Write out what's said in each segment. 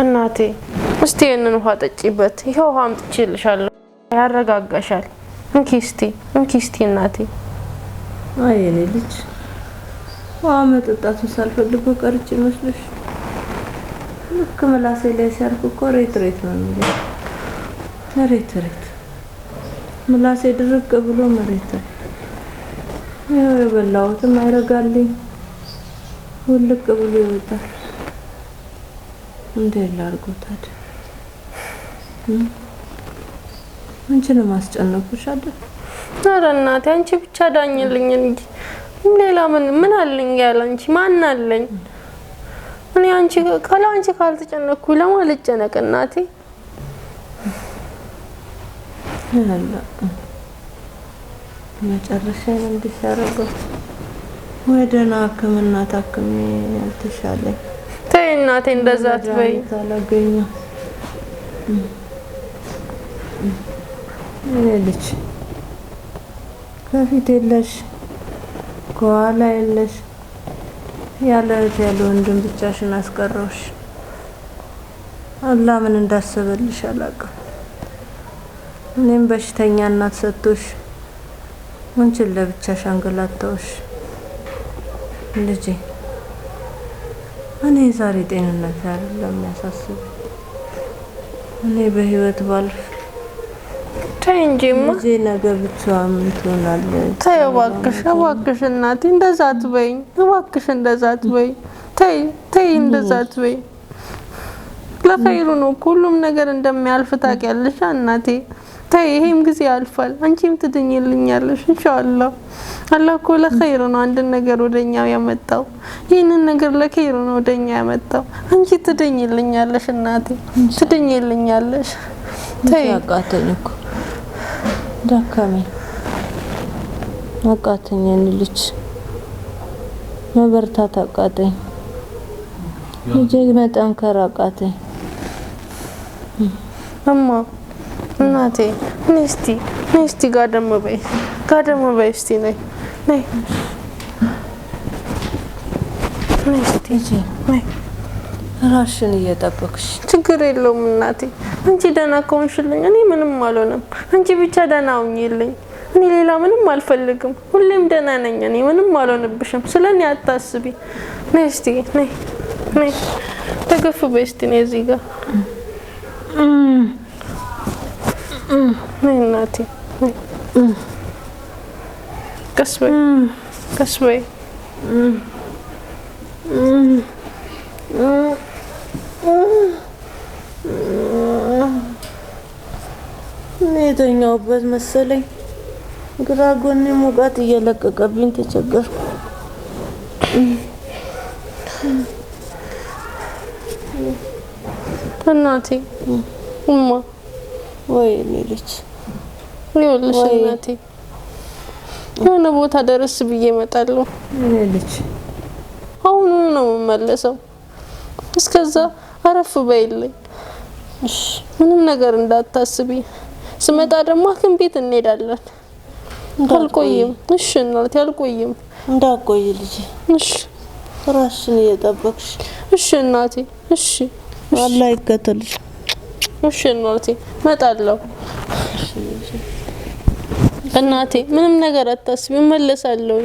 እናቴ እስቲ ይህንን ውሃ ጠጪበት። ይሄ ውሃ አምጥቼልሻለሁ፣ ያረጋጋሻል። እንኪ እስቲ እንኪ እስቲ እናቴ። አይ የኔ ልጅ ውሃ መጠጣቱን ሳልፈልገው ቀርጭ መስሎሽ? ልክ ምላሴ ላይ ሲያርፍ እኮ ሬት ሬት ነው የሚለው። ሬት ሬት ምላሴ ድርቅ ብሎ መሬት ይኸው የበላሁትም አይረጋልኝ፣ ውልቅ ብሎ ይወጣል። እንዴት ላድርጎታል? አንቺን ማስጨነቁሽ አይደል? ኧረ እናቴ አንቺ ብቻ ዳኝልኝ እንጂ ሌላ ምን ምን አለኝ? ያለ አንቺ ማን አለኝ? እኔ አንቺ ካለ አንቺ ካልተጨነኩ ለማን ልጨነቅ እናቴ? መጨረሻ እንዲሰረገው ወደ ሕክምና ታክሜ አልተሻለኝ እናቴ እንደዛ አትበይ። ልጅ ከፊት የለሽ ከኋላ የለሽ ያለ እህት ያለ ወንድም ብቻሽን አስቀረውሽ። አላህ ምን እንዳሰበልሽ አላውቅም። እኔም በሽተኛ እናት ሰጥቶሽ አንቺን ለብቻሽ አንገላታውሽ ልጄ እኔ ዛሬ ጤንነት አይደለም የሚያሳስብ። እኔ በህይወት ባልፍ ተይ እንጂማ እዚህ ነገ ብቻዋን ምን ትሆናለች? ተይ እባክሽ፣ እባክሽ እናቴ እንደዛ አትበይኝ። እባክሽ እንደዛ አትበይኝ። ተይ ተይ፣ እንደዛ አትበይኝ። ለኸይሩ ነው ሁሉም ነገር እንደሚያልፍ ታውቂያለሽ እናቴ ተይ ይሄም ጊዜ ያልፋል። አንቺም ትድኝልኛለሽ ኢንሻአላህ። አላህ እኮ ለኸይር ነው አንድን ነገር ወደኛ ያመጣው። ይህንን ነገር ለኸይር ነው ወደኛ ያመጣው። አንቺ ትድኝልኛለሽ እናቴ፣ ትድኝልኛለሽ። ተይ አቃተኝ እኮ ደከመኝ፣ አቃተኝ፣ ልጅ መበርታት አቃተኝ፣ ልጅ መጠንከር አቃተኝ እማ እናቴ ነይ እስቲ ነይ እስቲ ጋደም በይ ጋደም በይ እስቲ ነይ ነይ ነይ እስቲ ነይ ራሽን እየጠበቅሽ ችግር የለውም እናቴ። አንቺ ደህና ከሆንሽልኝ እኔ ምንም አልሆነም። አንቺ ብቻ ደህና ሁኚልኝ። እኔ ሌላ ምንም አልፈልግም። ሁሌም ደህና ነኝ እኔ ምንም አልሆንብሽም። ስለ እኔ አታስቢ። ነይ እስቲ ነይ ነይ ተገፍ በይ እስቲ ነይ እዚህ ጋር እናቴ ቀስ በይ ቀስ በይ የተኛውበት መሰለኝ። ግራ ጎኔ ሙቀት እየለቀቀብኝ ተቸገርኩ። እናቴ እማ ወይኔ ልጅ ይኸውልሽ እናቴ የሆነ ቦታ ደረስ ብዬ እመጣለሁ። ይኸውልሽ አሁኑ ነው የምመለሰው። እስከዛ አረፍ በይልኝ። ምንም ነገር እንዳታስቢ። ስመጣ ደግሞ ሐኪም ቤት እንሄዳለን። አልቆይም። እሺ እናቴ አልቆይም። እንዳቆይ ልጅ። እሺ ራስሽን እየጠበቅሽ። እሺ እናቴ። እሺ አላህ ይከተልሽ። እሺ እናቴ እመጣለሁ። እናቴ ምንም ነገር አታስቢ፣ እመለሳለሁ።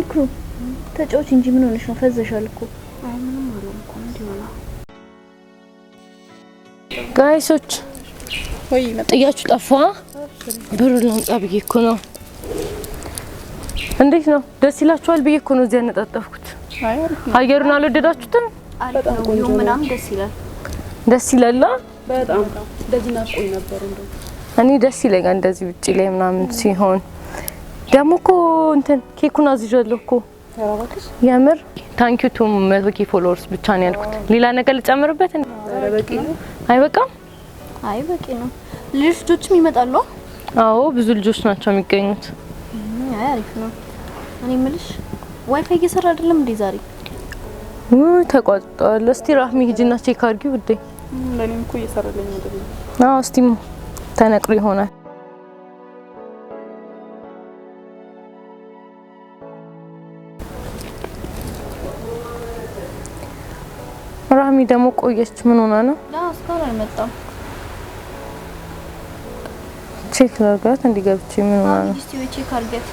ይኩ ተጫዎች እንጂ ምን ሆነሽ ነው? ፈዘሻል እኮ። አይ ምንም ጋይሶች ወይ ጥያችሁ ጠፋ። ብሩ ላምጣ ብዬ እኮ ነው። እንዴት ነው? ደስ ይላችኋል ብዬ እኮ ነው እዚህ ያነጣጠፍኩት። አየሩን አልወደዳችሁትም? ደስ ይላል። በጣም እኔ ደስ ይለኛል እንደዚህ ውጪ ላይ ምናምን ሲሆን ደግሞ እኮ እንትን ኬኩን አዝዣለሁ እኮ የምር ታንኪዩ ቱ መቶ ኬ ፎሎወርስ ብቻ ነው ያልኩት። ሌላ ነገር ልጨምርበት አይበቃም? አይ በቂ ነው። ሌሎች ልጆችም ይመጣሉ። አዎ ብዙ ልጆች ናቸው የሚገኙት። አይ አሪፍ ነው። እኔ የምልሽ ዋይፋይ እየሰራ አይደለም እንዴ ዛሬ? ውይ ተቋጥጧል። እስቲ ራህሚ ሂጂና ቼክ አድርጊው ውዴ። ለኔም እኮ እየሰራልኝ አይደለም። አዎ እስቲ ተነቅሮ ይሆናል ማሚ ደግሞ ቆየች። ምን ሆና ነው? እስካሁን አልመጣም። ቼክ ላድርጋት እንዲገብች። ምን ሆና ነው? ቼክ አድርጋት።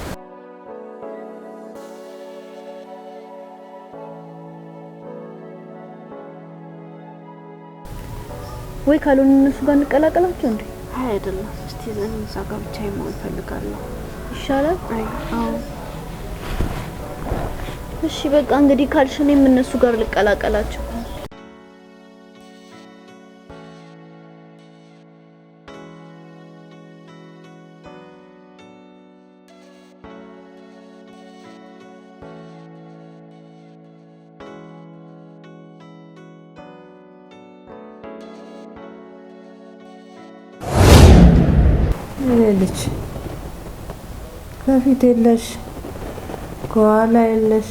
ወይ ካልሆነ እነሱ ጋር እንቀላቀላቸው እንዴ? አይ አይደለም። እስቲ ዘን እዛ ጋር ብቻ መሆን እፈልጋለሁ። ይሻላል። አይ አዎ። እሺ በቃ እንግዲህ ካልሽ እኔም እነሱ ጋር ልቀላቀላቸው። ልጅ ከፊት የለሽ ከኋላ የለሽ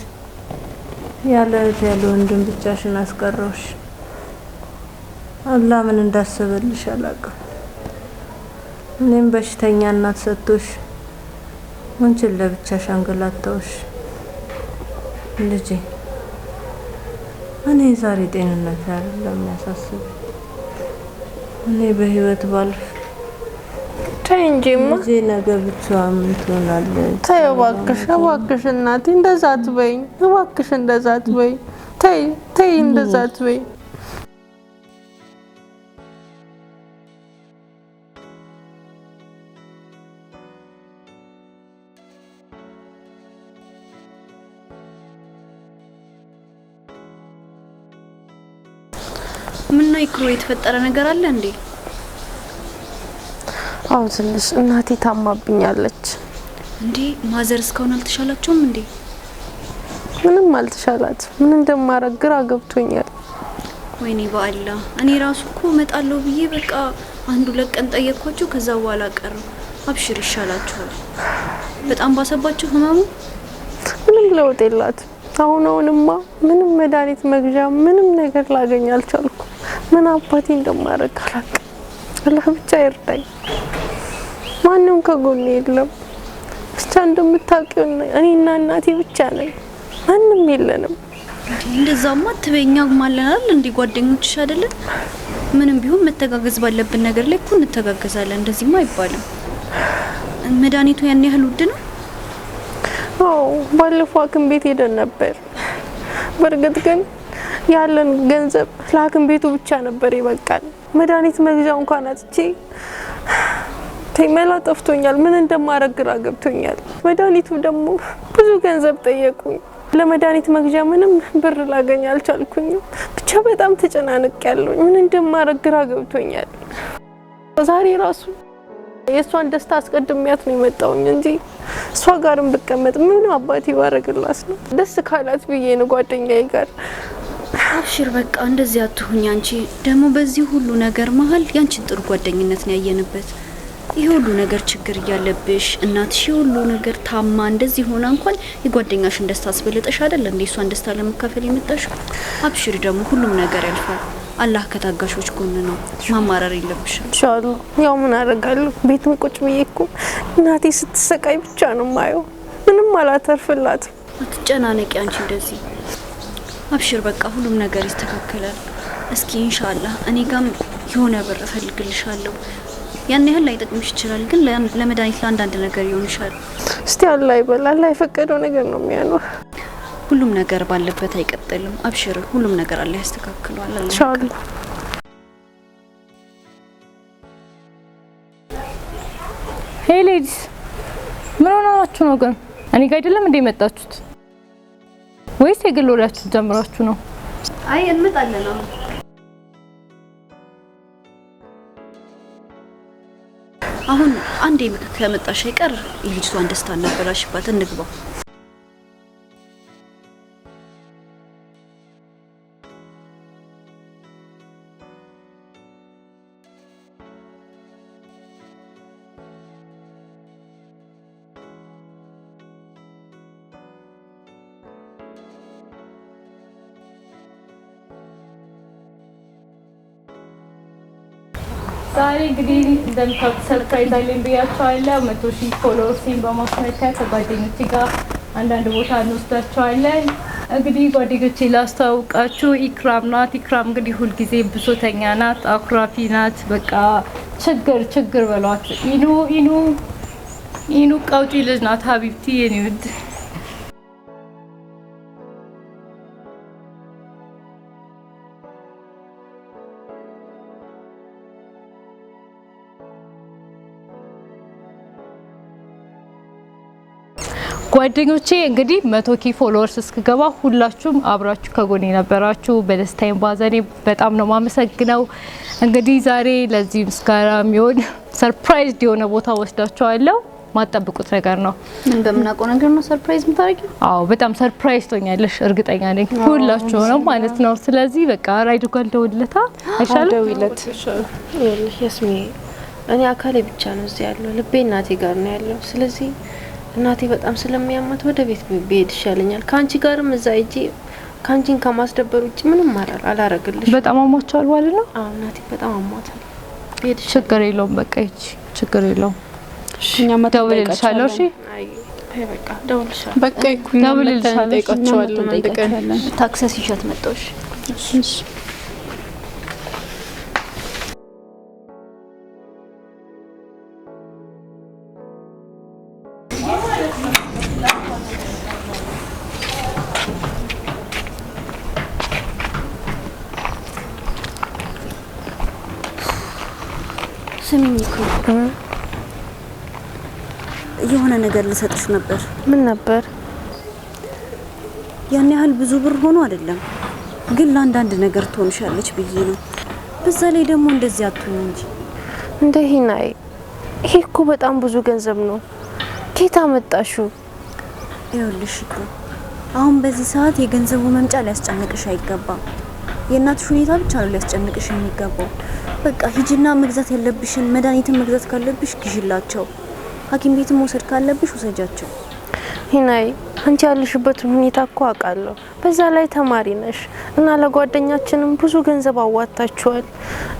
ያለ እህት ያለ ወንድም ብቻሽን አስቀረውሽ። አላህ ምን እንዳሰበልሽ አላውቅም። እኔም በሽተኛ እናት ሰጥቶሽ አንቺን ለብቻሽ አንገላታውሽ። ልጄ እኔ ዛሬ ጤንነት አይደለም የሚያሳስብ እኔ በህይወት ባልፍ ተይ እንጂማ ነገ ብቻዋን ምን ትሆናለች? ተይ እባክሽ፣ እባክሽ እናቴ እንደዛ አትበይኝ። እባክሽ እንደዛ አትበይኝ። ተይ ተይ፣ እንደዛ አትበይኝ። ምነው ይክሩ የተፈጠረ ነገር አለ እንዴ? አዎ ትንሽ እናቴ ታማብኛለች። እንዴ ማዘር እስካሁን አልተሻላቸውም እንዴ? ምንም አልተሻላት። ምን እንደማረግ ግራ ገብቶኛል። ወይኔ በአላ እኔ ራሱ እኮ እመጣለሁ ብዬ በቃ አንዱ ለቀን ቀን ጠየቅኳቸው። ከዛ በኋላ ቀረ። አብሽር ይሻላችኋል። በጣም ባሰባቸው ህመሙ። ምንም ለውጥ የላት አሁን አሁንማ ምንም መድኃኒት መግዣ ምንም ነገር ላገኝ አልቻልኩ። ምን አባቴ እንደማረግ አላቅ። አላህ ብቻ ይርዳኝ። ማንም ከጎን የለም። ብቻ እንደምታውቂው እኔና እናቴ ብቻ ነን፣ ማንም የለንም። እንደዛማ ትበኛ ማለናል እንዴ ጓደኞችሽ አይደለን? ምንም ቢሆን መተጋገዝ ባለብን ነገር ላይ እኮ እንተጋገዛለን። እንደዚህማ አይባልም። መድኃኒቱ ያን ያህል ውድ ነው? አዎ፣ ባለፈው ሐኪም ቤት ሄደን ነበር። በእርግጥ ግን ያለን ገንዘብ ለሐኪም ቤቱ ብቻ ነበር ይበቃል። መድኃኒት መግዣ እንኳን አጥቼ መላ ጠፍቶኛል። ምን እንደማረግ ግራ ገብቶኛል። መድኃኒቱ ደግሞ ብዙ ገንዘብ ጠየቁኝ። ለመድኃኒት መግዣ ምንም ብር ላገኝ አልቻልኩኝም። ብቻ በጣም ተጨናንቅ ያለውኝ ምን እንደማረግ ግራ ገብቶኛል። ዛሬ ራሱ የእሷን ደስታ አስቀድሚያት ነው የመጣውኝ እንጂ እሷ ጋርም ብቀመጥ ምን አባት ይባረግላት ነው ደስ ካላት ብዬ ነው ጓደኛዬ ጋር አብሽር በቃ እንደዚህ አትሁኝ። አንቺ ደግሞ በዚህ ሁሉ ነገር መሀል ያንቺን ጥሩ ጓደኝነት ነው ያየንበት። ይህ ሁሉ ነገር ችግር እያለብሽ እናትሽ ሁሉ ነገር ታማ እንደዚህ ሆና እንኳን የጓደኛሽን ደስታ አስበልጠሽ አይደል እንዴ እሷን ደስታ ለመካፈል የመጣሽ? አብሽሪ፣ ደግሞ ሁሉም ነገር ያልፋል። አላህ ከታጋሾች ጎን ነው። ማማረር የለብሽም። ኢንሻአላህ። ያው ምን አደርጋለሁ፣ ቤትም ቁጭ ብዬ እኮ እናቴ ስትሰቃይ ብቻ ነው ማየው። ምንም አላተርፍላትም። አትጨናነቂ አንቺ እንደዚህ። አብሽር፣ በቃ ሁሉም ነገር ይስተካከላል። እስኪ ኢንሻአላህ እኔ ጋም የሆነ ብር እፈልግልሻለሁ ያን ያህል ላይጠቅምሽ ይችላል፣ ግን ለመድኃኒት ለአንዳንድ ነገር ይሆን ይሻል። እስቲ አላ ይበላ አላ የፈቀደው ነገር ነው የሚያኖር። ሁሉም ነገር ባለበት አይቀጥልም። አብሽር፣ ሁሉም ነገር አላ ሄይ ሌዲስ፣ ምን ሆናችሁ ነው ግን? እኔ ጋ አይደለም እንደ የመጣችሁት ወይስ የግል ወሬያችሁ ጀምራችሁ ነው? አይ እንመጣለን። አሁን አንዴ ከመጣሽ አይቀር የልጅቷን ደስታ እናበላሽባት። እንግባ እንደምታውቁት ሰርፕራይዝ አለኝ ብያቸዋለሁ። መቶ ሺህ ፎሎወርሲን በማስመልከት ከጓደኞቼ ጋር አንዳንድ ቦታ እንወስዳቸዋለን። እንግዲህ ጓደኞቼ ላስተዋውቃችሁ፣ ኢክራም ናት። ኢክራም እንግዲህ ሁልጊዜ ብሶተኛ ናት፣ አኩራፊ ናት። በቃ ችግር ችግር በሏት። ኢኑ ኢኑ ኢኑ ቀውጢ ልጅ ናት። ሀቢብቲ የኔ ውድ ጓደኞቼ እንግዲህ መቶ ኪ ፎሎወርስ እስክገባ ሁላችሁም አብራችሁ ከጎን የነበራችሁ በደስታዬም ባዘኔ በጣም ነው ማመሰግነው። እንግዲህ ዛሬ ለዚህ ምስጋና የሚሆን ሰርፕራይዝ የሆነ ቦታ ወስዳችኋለሁ። ማጠብቁት ነገር ነው። እንደምናውቀው ነገር ነው ሰርፕራይዝ ምታረጊ? አዎ በጣም ሰርፕራይዝ ቶኛለሽ፣ እርግጠኛ ነኝ ሁላችሁ ነው ማለት ነው። ስለዚህ በቃ ራይድ ጋር ልደውልለታ አይሻልም? ደውይለት። እኔ አካሌ ብቻ ነው እዚህ ያለው፣ ልቤ እናቴ ጋር ነው ያለው። ስለዚህ እናቴ በጣም ስለሚያማት ወደ ቤት ብሄድ ይሻለኛል። ከአንቺ ጋርም እዛ እጂ ከአንቺን ከማስደበር ውጭ ምንም አላል አላረግልሽ። በጣም አሟቸዋል ማለት ነው። አዎ እናቴ በጣም አሟታል። ችግር የለውም በቃ ይቺ ችግር የለውም። ደውልልሻለሁ። እሺ በቃ በቃ ደውልልሻለሁ። ታክሰስ ይሸት መጣሽ እሺ ነገር ልሰጥሽ ነበር። ምን ነበር? ያን ያህል ብዙ ብር ሆኖ አይደለም፣ ግን ለአንዳንድ ነገር ትሆንሻለች ብዬ ነው። በዛ ላይ ደግሞ እንደዚህ አትሁኝ እንጂ። እንደ ሂናይ ይሄ እኮ በጣም ብዙ ገንዘብ ነው። ኬታ መጣሹ? ይኸውልሽ እኮ አሁን በዚህ ሰዓት የገንዘቡ መምጫ ሊያስጨንቅሽ አይገባም። የእናትሽ ሁኔታ ብቻ ነው ሊያስጨንቅሽ የሚገባው። በቃ ሂጅና መግዛት ያለብሽን መድኃኒትን መግዛት ካለብሽ ግዢላቸው። ሐኪም ቤት መውሰድ ካለብሽ ውሰጃቸው። ሂናይ አንቺ ያለሽበትን ሁኔታ እኮ አውቃለሁ። በዛ ላይ ተማሪ ነሽ እና ለጓደኛችንም ብዙ ገንዘብ አዋጥታችኋል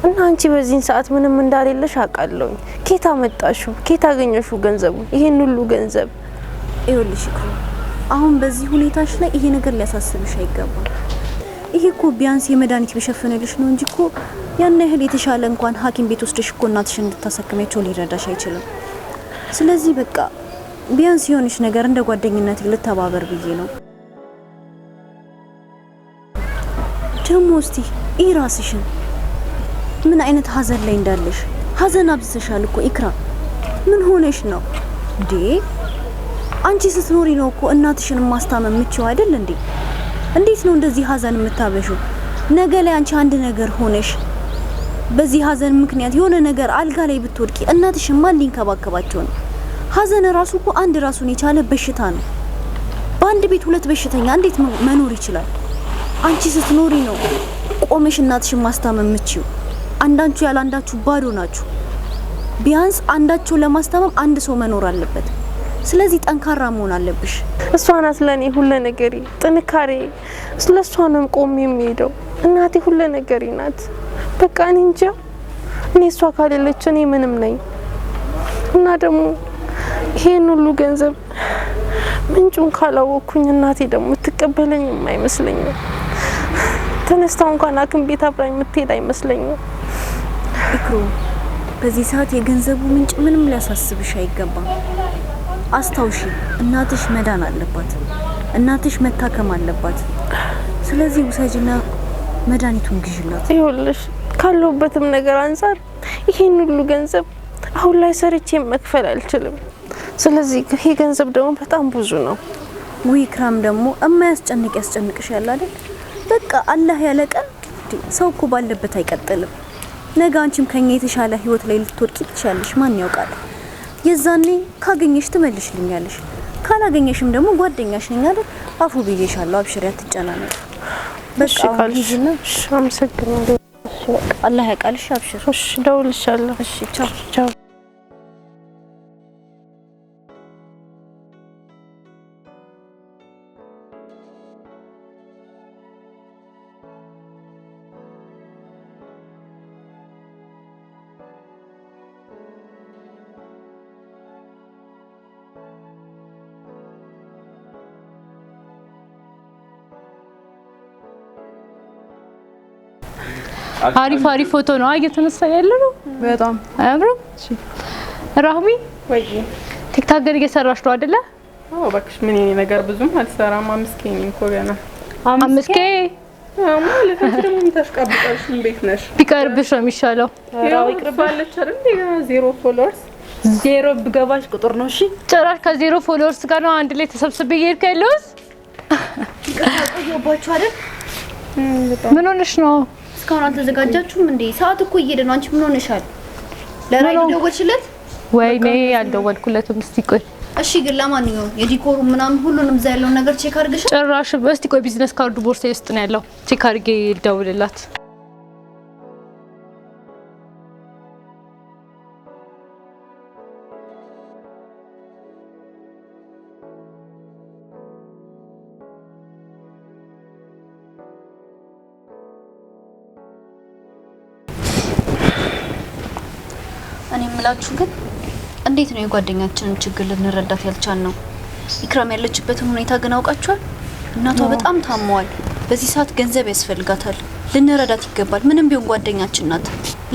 እና አንቺ በዚህን ሰዓት ምንም እንዳሌለሽ አውቃለሁኝ። ኬት አመጣሽው? ኬት አገኘሽው ገንዘቡ? ይሄን ሁሉ ገንዘብ ይኸውልሽ። አሁን በዚህ ሁኔታሽ ላይ ይሄ ነገር ሊያሳስብሽ አይገባም። ይሄ እኮ ቢያንስ የመድኃኒት ቢሸፍንልሽ ነው እንጂ እኮ ያን ያህል የተሻለ እንኳን ሐኪም ቤት ወስደሽ እኮ እናትሽን እንድታሳክሚያቸው ሊረዳሽ አይችልም። ስለዚህ በቃ ቢያንስ የሆነች ነገር እንደ ጓደኝነት ልተባበር ብዬ ነው። ደግሞ እስቲ ራስሽን ምን አይነት ሀዘን ላይ እንዳለሽ ሀዘን አብዝተሻል እኮ ኢክራ፣ ምን ሆነሽ ነው እንዴ? አንቺ ስትኖሪ ነው እኮ እናትሽን ማስታመም የምችው አይደል እንዴ? እንዴት ነው እንደዚህ ሀዘን የምታበሹ? ነገ ላይ አንቺ አንድ ነገር ሆነሽ በዚህ ሀዘን ምክንያት የሆነ ነገር አልጋ ላይ ብትወድቂ እናትሽን ማን ሊንከባከባቸው ነው? ሀዘን ራሱ እኮ አንድ ራሱን የቻለ በሽታ ነው። በአንድ ቤት ሁለት በሽተኛ እንዴት መኖር ይችላል? አንቺ ስትኖሪ ነው ቆመሽ እናትሽን ማስታመም ያለ አንዳችሁ ባዶ ናችሁ። ቢያንስ አንዳቸው ለማስታመም አንድ ሰው መኖር አለበት። ስለዚህ ጠንካራ መሆን አለብሽ። እሷ ናት ለእኔ ሁለ ነገሬ፣ ጥንካሬ። ስለ እሷ ነው ቆሜ የሚሄደው። እናቴ ሁለ ነገር ናት። በቃ እኔ እንጃ፣ እኔ እሷ ካሌለች እኔ ምንም ነኝ እና ደግሞ ይሄን ሁሉ ገንዘብ ምንጩን ካላወቅኩኝ እናቴ ደግሞ ትቀበለኝም አይመስለኝም። ተነስታ እንኳን አክም ቤት አብራኝ የምትሄድ አይመስለኝም። ኢክሩ፣ በዚህ ሰዓት የገንዘቡ ምንጭ ምንም ሊያሳስብሽ አይገባም። አስታውሺ፣ እናትሽ መዳን አለባት፣ እናትሽ መታከም አለባት። ስለዚህ ውሰጅና መድኃኒቱን ግዥላት። ይኸውልሽ ካለሁበትም ነገር አንጻር ይሄን ሁሉ ገንዘብ አሁን ላይ ሰርቼ መክፈል አልችልም። ስለዚህ ይሄ ገንዘብ ደግሞ በጣም ብዙ ነው። ክራም ደግሞ የማያስጨንቅ ያስጨንቅሽ ያለ አይደል? በቃ አላህ ያለ ቀን ሰው እኮ ባለበት አይቀጥልም። ነገ አንቺም ከኛ የተሻለ ህይወት ላይ ልትወድቂ ትችያለሽ፣ ማን ያውቃል? የዛኔ ካገኘሽ ትመልሽልኛለሽ፣ ካላገኘሽም ደግሞ ጓደኛሽ ነኝ አይደል? አፉ ብዬሻለሁ፣ አብሽሪ፣ አትጨናነቂ። በቃ ይዝና አመሰግናለሁ። አላህ ያውቃልሽ፣ አብሽሪ። እሺ፣ ደውልሻለሁ። እሺ፣ ቻው ቻው። አሪፍ አሪፍ ፎቶ ነው እየተነሳ ያለ ነው። በጣም አያምርም? እሺ ራህሚ ወይ ቲክታክ ግን እየሰራሽ ነው አይደለ? አዎ እባክሽ፣ ምን ይሄ ነገር ብዙም አልሰራም። አምስት ኬ ነኝ እኮ ገና አምስት ኬ ቢቀርብሽ ነው የሚሻለው። ዜሮ ብገባሽ ቁጥር ነው። እሺ ጭራሽ ከዜሮ ፎሎወርስ ጋር ነው አንድ ላይ ተሰብስቤ እየሄድክ ያለሁት። ምን ሆነሽ ነው? እስካሁን አልተዘጋጃችሁም እንዴ? ሰዓት እኮ እየሄደ ነው። አንቺ ምን ሆነሻል? ለራይ ደወልሽለት? ወይኔ አልደወልኩለትም። እስቲ ቆይ እሺ። ግን ለማንኛውም የዲኮሩ ምናምን ሁሉንም እዛ ያለውን ነገር ቼክ አድርገሻል? ጭራሽ እስቲ ቆይ፣ ቢዝነስ ካርዱ ቦርሳዬ ውስጥ ነው ያለው። ቼክ አድርጌ ልደውልላት። እኔ የምላችሁ ግን እንዴት ነው የጓደኛችንን ችግር ልንረዳት ያልቻል ነው? ኢክራም ያለችበትን ሁኔታ ግን አውቃችኋል። እናቷ በጣም ታመዋል። በዚህ ሰዓት ገንዘብ ያስፈልጋታል። ልንረዳት ይገባል። ምንም ቢሆን ጓደኛችን ናት።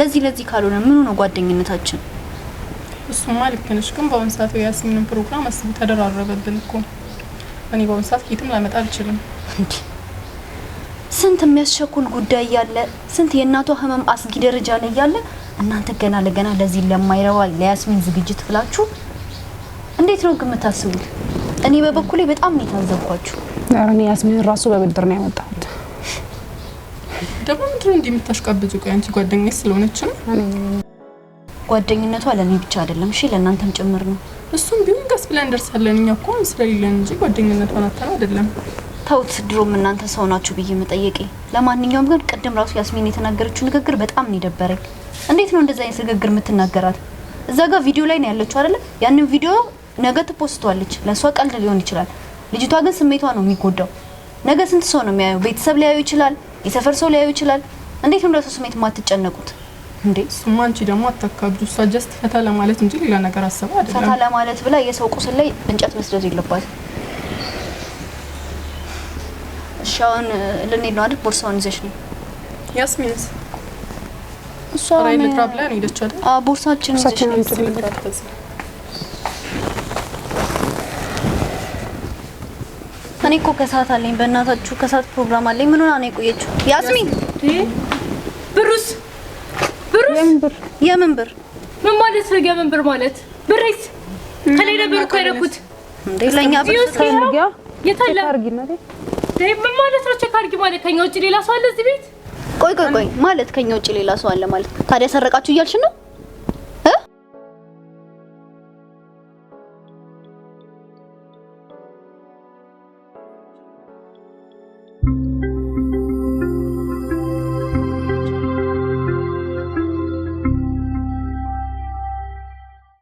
ለዚህ ለዚህ ካልሆነ ምኑ ነው ጓደኝነታችን? እሱማ ልክ ነሽ። ግን በአሁኑ ሰዓት የያስሚንን ፕሮግራም አስቡ ተደራረበብን እኮ። እኔ በአሁኑ ሰዓት ጌትም ላመጣ አልችልም። ስንት የሚያስቸኩል ጉዳይ እያለ ስንት የእናቷ ህመም አስጊ ደረጃ ላይ እያለ እናንተ ገና ለገና ለዚህ ለማይረባ ለያስሚን ዝግጅት ብላችሁ እንዴት ነው ግን የምታስቡት? እኔ በበኩሌ በጣም ነው የታዘብኳችሁ። እኔ ያስሚን ራሱ በብድር ነው ያመጣሁት። ደግሞ ምንድነው እንዲህ የምታሽቃብዙ? ቆይ አንቺ ጓደኛዬ ስለሆነች ነው። ጓደኝነቷ ለእኔ ብቻ አይደለም፣ እሺ ለእናንተም ጭምር ነው። እሱም ቢሆን ቀስ ብለን እንደርሳለን። እኛ እኮ ስለሌለን እንጂ ጓደኝነቷን አተና አይደለም ተውት፣ ድሮም እናንተ ሰው ናችሁ ብዬ መጠየቄ። ለማንኛውም ግን ቅድም ራሱ ያስሚን የተናገረችው ንግግር በጣም ነው የደበረኝ። እንዴት ነው እንደዚህ አይነት ንግግር የምትናገራት? እዛ ጋር ቪዲዮ ላይ ነው ያለችው አይደለ? ያንን ቪዲዮ ነገ ትፖስተዋለች። ለእሷ ቀልድ ሊሆን ይችላል። ልጅቷ ግን ስሜቷ ነው የሚጎዳው። ነገ ስንት ሰው ነው የሚያየው? ቤተሰብ ሊያዩ ይችላል፣ የሰፈር ሰው ሊያዩ ይችላል። እንዴት ነው ለሰው ስሜት የማትጨነቁት? እንዴ እሱማ አንቺ ደግሞ አታካብዱ። እሷ ጀስት ፈታ ለማለት እንጂ ሌላ ነገር አሰባ አይደለም። ፈታ ለማለት ብላ የሰው ቁስል ላይ እንጨት መስደድ የለባትም። አሁን ልንሄድ ነው አይደል? ቦርሳውን ይዘሽ ነው ያስሚንስ? እሷ ቦርሳችን እኔ እኮ ከሰዓት አለኝ። በእናታችሁ ከሰዓት ፕሮግራም አለኝ። ምን ሆና ነው የቆየችው? ያስሚን ብሩስ ብሩስ የምን ብር ምን ማለት ነው? የምን ብር ማለት ብሬት ከሌለ ብር እኮ ያደረኩት እንዴ ለኛ ብር ታርጊያ የታለ ምን ማለት ነው? ቼክ አድርጊ ማለት ከኛ ውጭ ሌላ ሰው አለ እዚህ ቤት? ቆይ ቆይ ቆይ ማለት ከኛ ውጭ ሌላ ሰው አለ ማለት ታዲያ ሰረቃችሁ እያልሽ ነው?